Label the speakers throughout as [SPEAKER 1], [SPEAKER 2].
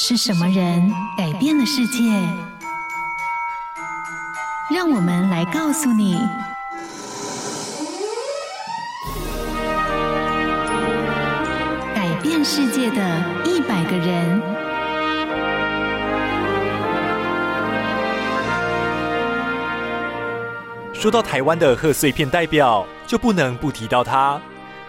[SPEAKER 1] 是什麼人改變了世界？讓我們來告訴你：改變世界的一百個人。說到台灣的賀歲片代表，就不能不提到他，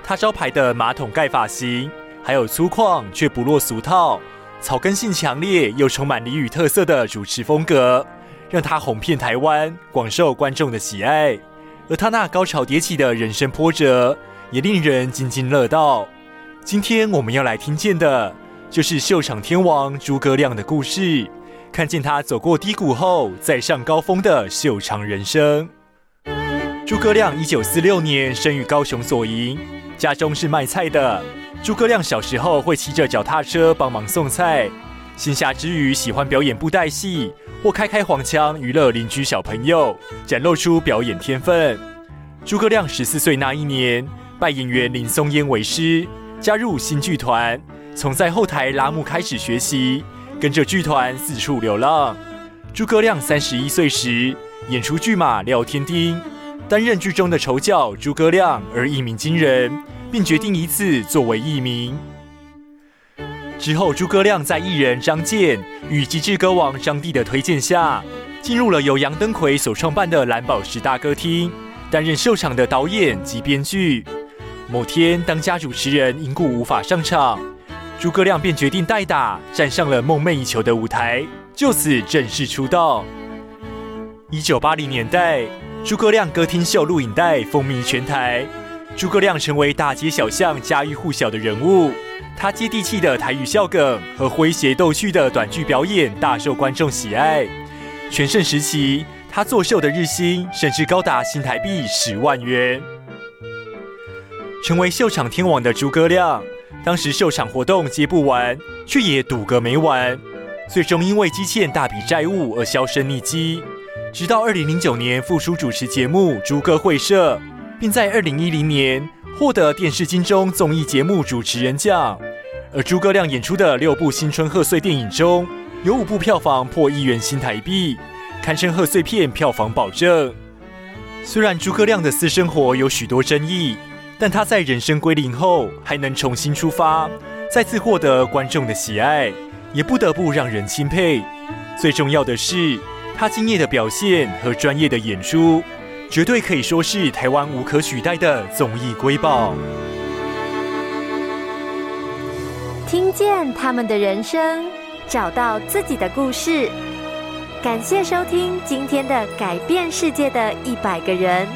[SPEAKER 1] 他招牌的馬桶蓋髮型，還有粗獷卻不落俗套。草根性強烈又充滿俚語特色的主持風格，讓他紅遍台灣，廣受觀眾的喜愛。而他那高潮迭起的人生波折，也令人津津樂道。今天我們要來聽見的，就是秀場天王豬哥亮的故事，看見他走過低谷後再上高峰的秀場人生。豬哥亮一九四六年生於高雄左營，家中是賣菜的。豬哥亮小時候會騎着腳踏車幫忙送菜，閒暇之餘喜歡表演布袋戲或開開黃腔娛樂鄰居小朋友，展露出表演天分。豬哥亮十四歲那一年，拜演員林松煙為師，加入新劇團，從在後台拉幕開始學習，跟着劇團四處流浪。豬哥亮三十一歲時，演出劇碼《廖天丁》，擔任劇中的丑角豬哥亮而一鳴驚人。並決定一次作為藝名。之後，豬哥亮在藝人張健與《急智歌王》張帝的推薦下，進入了由楊登魁所創辦的藍寶石大歌廳，擔任秀場的導演及編劇。某天，當家主持人因故無法上場，豬哥亮便決定代打，站上了夢寐以求的舞台，就此正式出道。一九八零年代，豬哥亮歌廳秀錄影帶風靡全台。豬哥亮成為大街小巷家喻戶曉的人物。他接地氣的台語笑梗和詼諧逗趣的短劇表演，大受觀眾喜愛。全盛時期，他作秀的日薪甚至高達新台幣十萬元，成為秀場天王的豬哥亮。當時秀場活動接不完，卻也賭個沒完，最終因為積欠大筆債務而銷聲匿跡。直到二零零九年復出主持節目《豬哥會社》，並在二零一零年獲得電視金鐘綜藝節目主持人獎。而豬哥亮演出的六部新春賀歲電影中，有五部票房破億元新台幣，堪稱賀歲片票房保證。雖然豬哥亮的私生活有許多爭議，但他在人生歸零後還能重新出發，再次獲得觀眾的喜愛，也不得不讓人欽佩。最重要的是，他敬業的表現和專業的演出。絕對可以說是台灣無可取代的綜藝瑰寶。聽見他們的人生，找到自己的故事。感謝收聽今天的改變世界的一百個人。